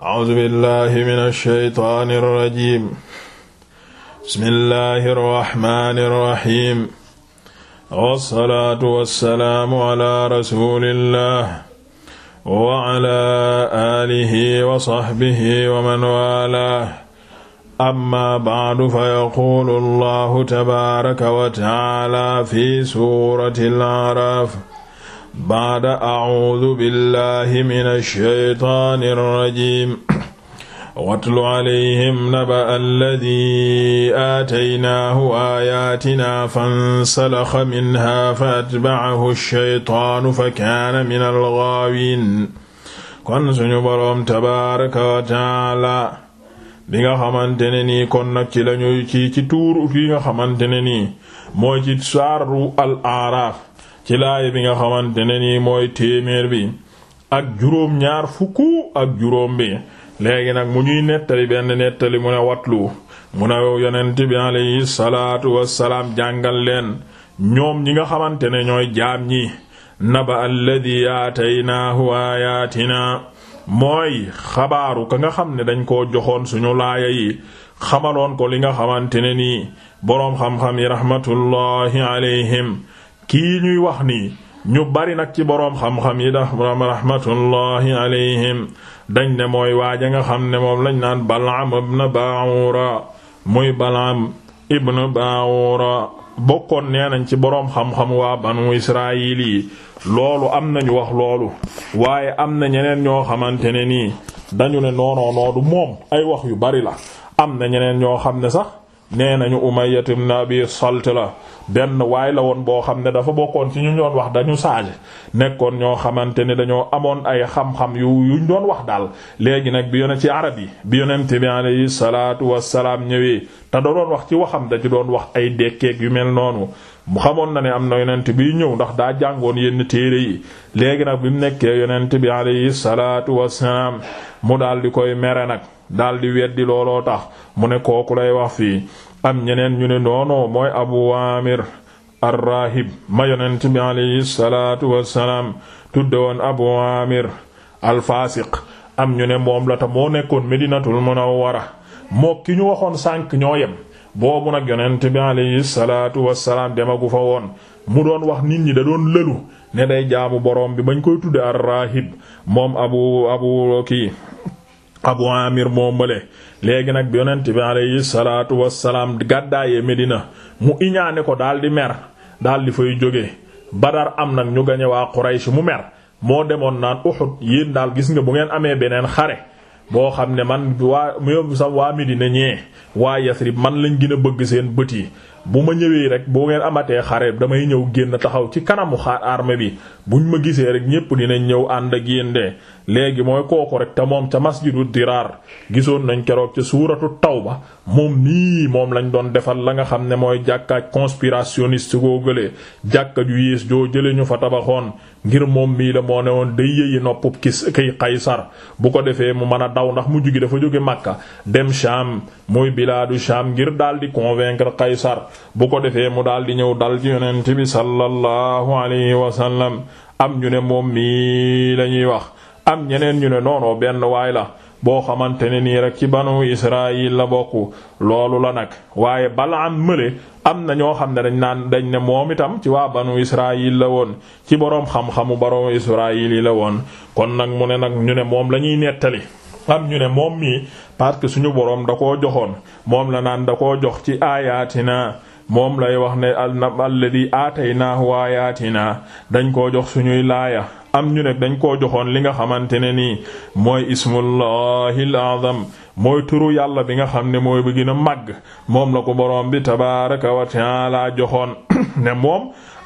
a'uuzu billahi mina shaytaani rajiim bismillahi rahmaani rahiim wassalaatu wassalaamu ala rasuulillah wa ala aalihi wa sahbihi wa man waalaah amma ba'du fa yaquulu allahu tabaaraka wa ta'aala fi suuratil a'raaf baada acuudu billahi min alshaytaani alrajim watlu calayhim naba alladi aataynaahu aayaatina fansalaxa minha fa atbacahu alshaytaanu fa kaana min algaawiin kon suñu boroom tabaaraka wa taala bi nga xamante ne nii kon nag ci lañuy ci ci tuur yi nga xamante ne nii mooy ci saaru al aaraaf ci laay bi nga xamante ne nii mooy téeméer bi ak juróom ñaar fukku ak juróom bi léegi nag mu ñuy nettali benn nettali mu ne watlu mu ne yonent bi alayhi salaatu wassalaam jàngal leen ñoom ñi nga xamante ne ñooy jaam ñi naba alladi aataynaahu ayatina mooy xabaaru ka nga xam ne dañ ko joxoon suñu laaya yi xamaloon ko li nga xamante ne nii boroom xam-xam yi rahmatullahi alayhim kii ñuy wax nii ñu bari nag ci boroom xam-xam yi dax rahmatullahi alayhim dañ ne mooy waaja nga xam ne moom lañ naan Balaam ibn Baawura muy Balaam ibn Baawura bokkoon nee nañ ci boroom xam-xam waa banu Israayil yi loolu am nañu wax loolu waaye am na ñeneen ñoo xamante ne nii dañu ne noonoonoodu moom ay wax yu bari la am na ñeneen ñoo xam ne sax nee nañu Umayya ibn Abi Salt la benn waaye la woon boo xam ne dafa bokkoon ci ñu doon wax dañu saaje nekkoon ñoo xamante ne dañoo amoon ay xam-xam yu yuñ doon wax daal léegi nag bi yone ci arab yi bi yonente bi alayhi salaatu wassalaam ñëwee te da doon wax ci waxam da ci doon wax ay dekkeeg yu mel noonu mu xamoon na ne am na yonent biy ñëw ndax daa jàngoon yenn téere yi léegi nag bi mu nekkee yonent bi alayhi salaatu wassalaam mu daal di koy mere nag daldi di weddi looloo tax mu ne kooku lay wax fii am ñeneen ñu ne noono mooy abu amir arrahib ma yonent bi alayhi salaatu wassalaam tudde woon abu amir alfasiq am ñu ne moom la ta moo nekkoon medinatul munawwara moo ki ñu waxoon sànq ñoo yem boobu nag yonent bi alayhi salaatu wassalaam demagu fa woon mu doon wax nit ñi da doon lëlu ne day jaamu boroom bi bañ koy tudde arrahib moom abu abu abu amir moomale léegi nag bi yonent bi alayhi salaatu wassalaam gàddaayee Medina mu iñaane ko daal di mer daldi fay jóge badar am nag ñu gañe waa Quraysh mu mer moo demoon naan Uhud yéen daal gis nga bu ngeen amee beneen xare boo xam ne man waa yow sax waa Medina ñee waa Yasrib man lañ gën a bëgg seen bët yi bu ma ñëwee rek boo ngeen amatee xare damay ñëw génn taxaw ci kanamu xaar arme bi ñu ma gisee rek ñépp dinañ ñëw ànd ak yéen léegi mooy kooku rek te moom ca masjidu diraar gisoon nañ keroog ca suuratu taw ba moom nii moom lañ doon defal la nga xam ne mooy jàkkaaj su ko gëlee jàkka ju yées joo jële ñu fa tabaxoon ngir moom mii la moo ne woon day yëyi noppub kis kiy bu ko defee mu mën a daw ndax mujj gi dafa jóge Makka dem Sham muy bilaadu Sham ngir daal di convaincre Qaysar bu ko defee mu daal di ñëw dal ci yonent bi sallallahu alayhi wa sallam am ñu ne moom mii la ñuy wax am ñeneen ñu ne noonoo benn waay la boo xamante ne nii rek ci banu Israayil la bokku loolu la nag waaye Balaam mële am na ñoo xam ne dañ naan dañ ne moom itam ci waa banu Israayil la woon ci boroom xam-xamu boroom Israayil yi la woon kon nag mu ne nag ñu ne moom la ñuy nettali am ñu ne moom mii parce que suñu boroom da koo joxoon moom la naan da koo jox ci aayaatina moom lay wax ne alladhi aataynaahu aayaatina dañ koo jox suñuy laaya am ñu ne dañ koo joxoon li nga xamante ne nii mooy ismullahi al-azam mooy turu yàlla bi nga xam ne mooy bi gën a màgg moom la ko boroom bi tabaaraka wa taala joxoon ne moom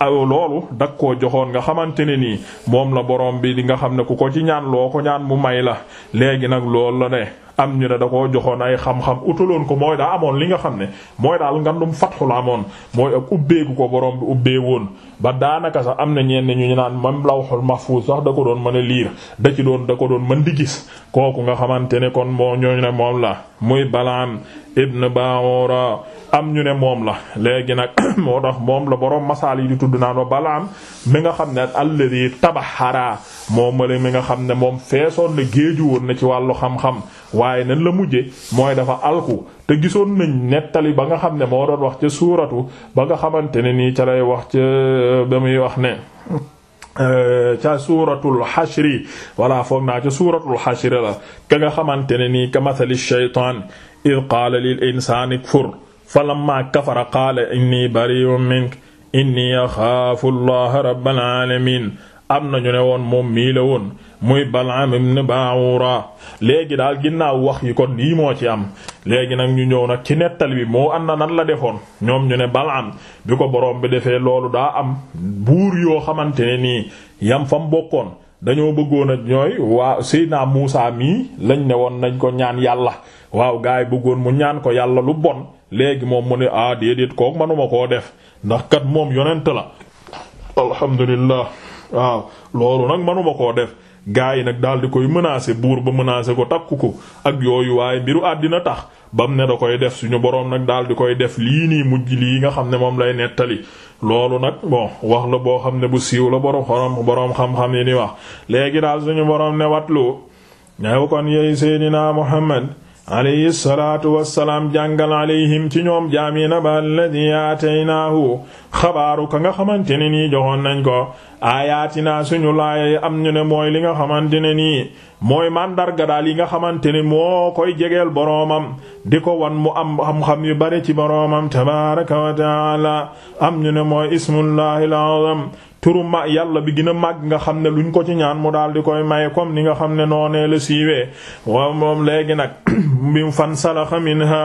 aw loolu dak koo joxoon nga xamante ne nii moom la boroom bi di nga xam ne ku ko ci ñaan loo ko ñaan mu may la léegi nag loolu la de am ñu ne da koo joxoon ay xam-xam utaloon ko mooy daa amoon li nga xam ne mooy daal ngandum fatxu la amoon mooy ak ubbeeku ko boroom bi ubbee woon ba daanaka sax am na ñenn ñu ñu naan mam lawhul mahfuz sax da ko doon mën a liir da ci doon da ko doon mën di gis kooku nga xamante ne kon moo ñooñu ne moom la muy Balaam ibn Baora am ñu ne moom la léegi nag moo tax moom la boroom masaal yi di tudd naan wa Balaam mi nga xam ne alladi tabaxara moo male mi nga xam ne moom feesoon na géeju woon na ci wàllu xam-xam waaye nan la mujje mooy dafa alku te gisoon nañ nettali ba nga xam ne moo doon wax ca suuratu ba nga xamante ne nii ca lay wax ca ba muy wax ne Euh, ca suuratul xashri wala foog naa ca suuratul xashri la ka nga xamante ne nii ka mathali shaytaan id qaala lil insaani kfur falamma kafara qaala inni bari'un mink inni axaafu allaha rabbal aalamiin am nañu ne woon moom mii la woon muy Balaam ibn Baawura léegi daal ginnaaw wax yi kon lii moo ci am léegi nag ñu ñëw nag ci nettali bi moo am na nan la defoon ñoom ñu ne Balaam bi ko borom bi defee loolu daa am buur yoo xamante ne nii yam fam bokkoon dañoo bëggoon a ñooy waa Seydina Muusaa mii lañ ne woon nañ ko ñaan yàlla waaw gaay bëggoon mu ñaan ko yàlla lu bon léegi moom mu ne ah déedéet kook manuma koo def ndax kat moom yonent la alhamdulillah waaw loolu nag manuma koo def gaa yi nag daal di koy menacer buur ba menacer ko takku ko ak yooyu waaye mbiru àddina tax bam ne da koy def suñu boroom nag daal di koy def lii nii mujj lii nga xam ne moom lay nettali loolu nag bon wax la boo xam ne bu siiw la boroom xorom boroom xam-xam yi ni wax léegi daal suñu boroom ne watlu ñew kon yey seydinaa Muhammad alayhi salaatu wassalaam jàngal alayhim ci ñoom jaamina ba alladi aataynaahu xabaaru ka nga xamante ne nii joxoon nañ ko aayaatinaa suñu laaya am ñu ne mooy li nga xamante ne nii mooy màndarga daal yi nga xamante ne moo koy jegel boroomam di ko wan mu am xam yu bare ci boroomam tabaaraka wa taala am ñu ne mooy ismullahi al turu ma yàlla bi gën a màgg nga xam ne luñ ko ci ñaan mu daal di koy maye comme ni nga xam ne noonee la siiwee waaw moom léegi nag bi fan salaxa minha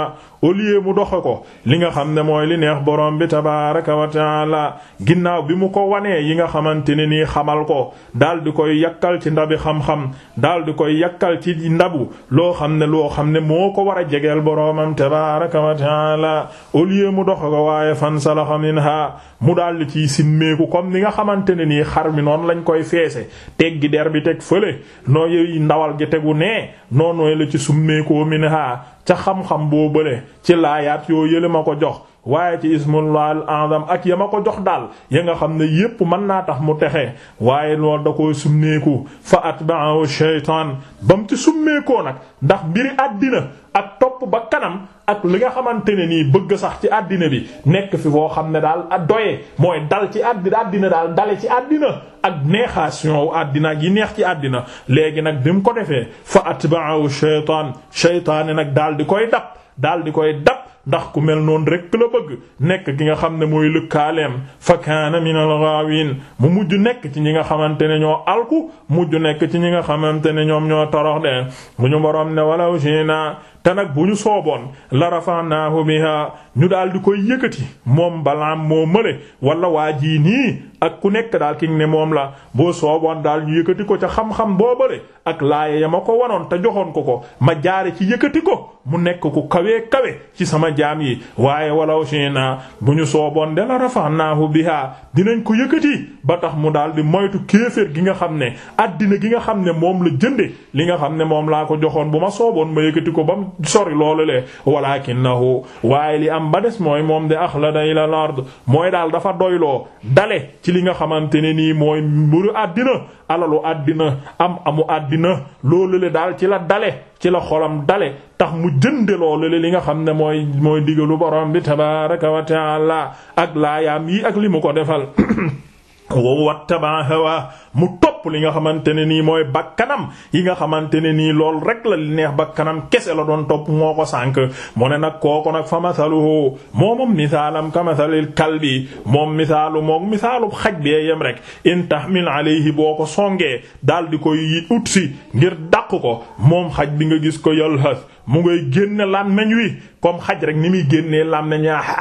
au mu doxe ko li nga xam ne mooy li neex borom bi tabaaraka wa taala ginnaaw bi mu ko wanee yi nga xamante ne nii xamal ko daal di koy yakkal ci ndabi xam-xam daal di koy yàkkal ci ndabu loo xam ne loo xam ne moo ko war a jegeel boromam tabaaraka wa taala au mu doxe ko waaye fan salaxa minha mu daal di ciy simmeeku comme ni nga xamante ne nii xar mi noonu lañ koy feese teggi der bi teg fële noo yoy ndawal gi tegu nee noonu la ci summeekoo minha ca xam-xam boo bële ci laayaat yoo yële ma ko jox waaye ci ismullah al azam ak ya ma ko jox daal ya nga xam ne yépp mën naa tax mu texe waaye loolu da koy summeeku fa atba'ahu shaytaan ba mu ci summeekoo nag ndax mbiri àddina ak topp ba kanam ak li nga xamante ne nii bëgg sax ci àddina bi nekk fi boo xam ne daal a doye mooy dal ci àddina àddina daal dale ci àddina ak neexation wu àddina ak yi neex ci àddina léegi nag bi mu ko defee fa atba'ahu shaytaan shaytaan nag daal di koy dab daal di koy dab ndax ku mel noonu rekk la bëgg nekk ki nga xam ne mooy lukkaaleem fa kaana min al ghaawin mu mujj nekk ci ñi nga xamante ne ñoo alku mujj nekk ci ñi nga xamante ne ñoom ñoo torox de bu ñu boroom ne walaw shi'naa te nag bu ñu sooboon la rafa'naahu bihaa ñu daal di koy yëkkati moom balaam moo mële wala waa ji nii ak ku nekk daal ki ne moom la boo sooboon daal ñu yëkkati ko ca xam-xam boobale ak laaya ya ma ko wanoon te joxoon ko ko ma jaare ci yëkkati ko mu nekk ko kawee kawe ci sama jaam yi waaye walaw naa bu ñu sooboon de la bi biha dinañ ko yëkkati ba tax mu daal di moytu kéeféer gi nga xam ne addina gi nga xam ne moom la jënde li nga xam ne moom laa ko joxoon bu ma sooboon ma yëkkati ko ba mu sori loolu le walakinahu waaye li am ba des moom de al mooy daal dafa doyloo li nga xamante ne nii mooy mbiru àddina alalu àddina am amu àddina loolu le daal ci la dale ci la xolam dale tax mu jënde loolu le li nga xam ne mooy mooy digalu borom bi tabaaraka wa taala ak laayaam yii ak li mu ko defal wattaba hawa mu topp li nga xamante ne nii mooy bakkanam yi nga xamante ne nii lool rek la li neex bakkanam kese la doon topp moo ko sànk moo ne nag kooku nag fa moo moomam misaalam ka masalil kalbi moom misaalu moom misaalu xaj bi yem rek in tahmil alayhi boo ko songee daal di koy utsi ngir dàq ko moom xaj bi nga gis ko yalhas mu ngay génne làmmeñ wi comme xaj rek ni muy génnee làmmeñ yaa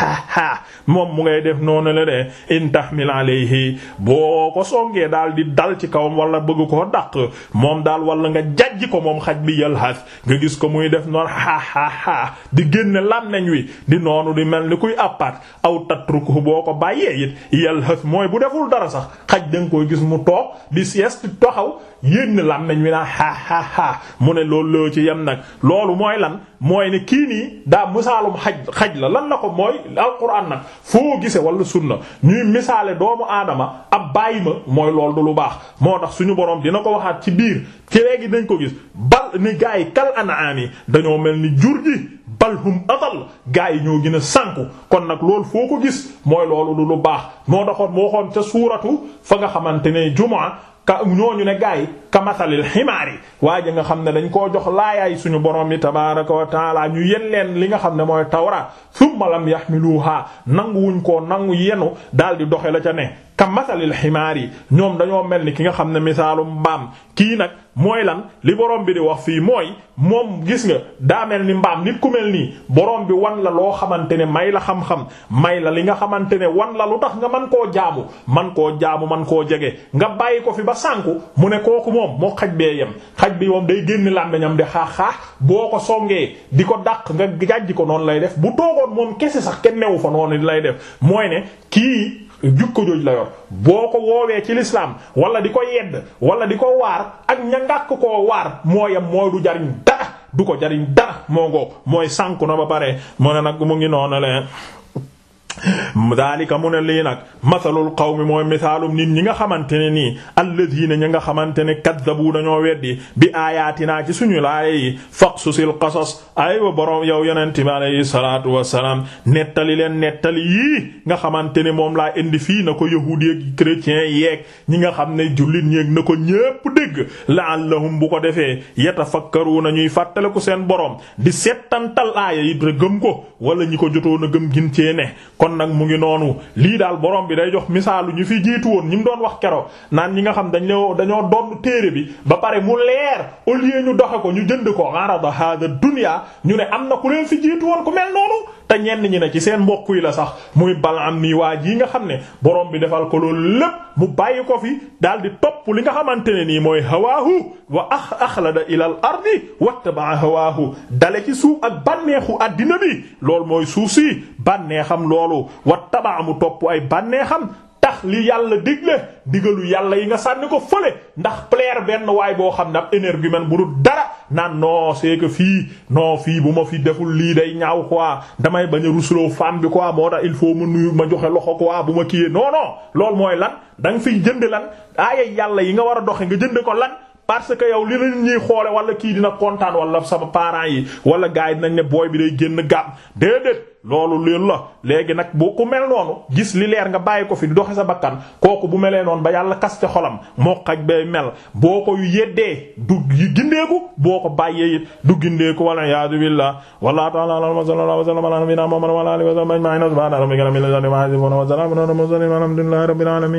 ha moom mu ngay def noonu la de in tahmil alayhi boo ko songee daal di dal ci kawam wala bëgg ko dàq moom daal wala nga jàjj ko moom xaj bi yalhas nga gis ko muy def noonu ha ha ha di génne wi di noonu di mel ni kuy appaat aw tatruku boo ko bàyyee it yalhas mooy bu deful dara sax xaj da nga gis mu toog di sieste taxaw yénn làmmeñ wi naa ha ha ha mu ne lool loo ci yem nag loolu mooy lan mooy ne kii nii daa musaalum xaj xaj la lan la ko mooy alquran nag foo gise wala sunna ñuy misaale doomu aadama ab bàyyi ma mooy lool du lu baax moo tax suñu borom dina ko waxaat ci biir ci léegi dañ ko gis bal ni gaa yi kal anaami dañoo mel ni jur ji bal hum atal gaa yi ñoo gën a sànku kon nag loolu foo ko gis mooy loolu du lu baax moo taxoon moo xoon ca suuratu fa nga xamante ne jumaa ka ñooñu ne gaa yi kamasalil ximaar yi waa ji nga xam ne dañ koo jox laayaay suñu borom yi tabaaraka wa taala ñu yen leen li nga xam ne mooy tawraat summa lam yaxmiluha nangu wuñ koo nangu yenu daal di doxe la ca ne ka masalil ximaar yi ñoom dañoo mel ni ki nga xam ne misaalum mbaam kii nag mooy lan li boroom bi di wax fii mooy moom gis nga daa mel ni mbaam nit ku mel nii boroom bi wan la loo xamante ne may la xam-xam may la li nga xamante ne wan la lu tax nga man koo jaamu man koo jaamu man koo jege nga bàyyi ko fi ba sànku mu ne kooku moom moo xaj bee yem xaj bi moom day génn làmmiñam di xaax-xaax boo ko songee di ko dàq nga gàjji ko noonu lay def bu toogoon moom kese sax kenn newu fa noonu lay def jukko jooj la yor boo ko woowee ci lislaam wala di ko yedd wala di ko waar ak ña ngàkk koo waar mooyam mooy du jariñ dara du ko jariñ dara moo ngoo mooy sànku na ba pare moo ne nag mu ngi noonu leen daalika mu ne lii nag masalul qawmi mooy misaalum nit ñi nga xamante ne nii alladhiina ñi nga xamante ne kaddabu dañoo weddi bi aayaatinaa ci suñu laaya yi faqsusil qasas aywa borom yow yonente bi alayhi salaatu wassalaam nettali leen nettali yii nga xamante ne moom laa indi fii na ko yahuudi ak chrétien yeeg ñi nga xam ne jullit ñeeg na ko ñépp dégg la'allahum bu ko defee yatafakkaruuna ñuy fàttaliku seen borom di settantal aaya yi gëm ko wala ñi ko jotoon a gëm gin cee ne kon nag mu ngi noonu lii daal borom bi day jox misaalu ñu fi jiitu woon ñi mu doon wax kero naan ñi nga xam dañ leen dañoo doon téere bi ba pare mu leer au lieu ñu doxe ko ñu jënd ko arada hada dunya ñu ne am na ku leen fi jiitu woon ku mel noonu te ñenn ñi ne ci seen mbokk yi la sax muy Balaam nii waa ji nga xam ne borom bi defal ko loolu lépp mu bàyyi ko fi daal di topp li nga xamante ne nii mooy hawaahu wa ax axlada ila al ardi wattaba hawaahu dale ci suuf ak bànneexu àddina bi loolu mooy suuf si bànneexam lool loolu wa tabaa mu topp ay bànneexam tax li yàlla digle digalu yàlla yi nga sànni ko fële ndax plaire benn waay boo xam ne ab énergumène bu dul dara naan non c'est fii non fii bu ma fi deful lii day ñaaw quoi damay bañ a rusloo femme bi quoi moo tax il faut ma nuyu ma joxe loxo quoi bu ma kiiyee non non loolu mooy lan da nga fiy jënd lan aaya yàlla yi nga war a doxe nga jënd ko lan. parce que yow li lañ ñuy xoole wala kii dina kontaan wala sama parents yi wala gars yi dinañ ne booy bi day génn gàmm déedéet loolu leen la léegi nag boo ko mel noonu gis li leer nga bàyyi ko fi doxe sa bakkan kooku bu melee noonu ba yàlla kaste xolam moo xaj bay mel boo ko yeddee du gindeeku boo ko bàyyee it du gindeeku wala yaadu billah wallahu ta'ala allahumma salli wa sallam ala nabiyyina muhammad wa ala alihi wa sahbihi ajma'in subhana rabbika rabbil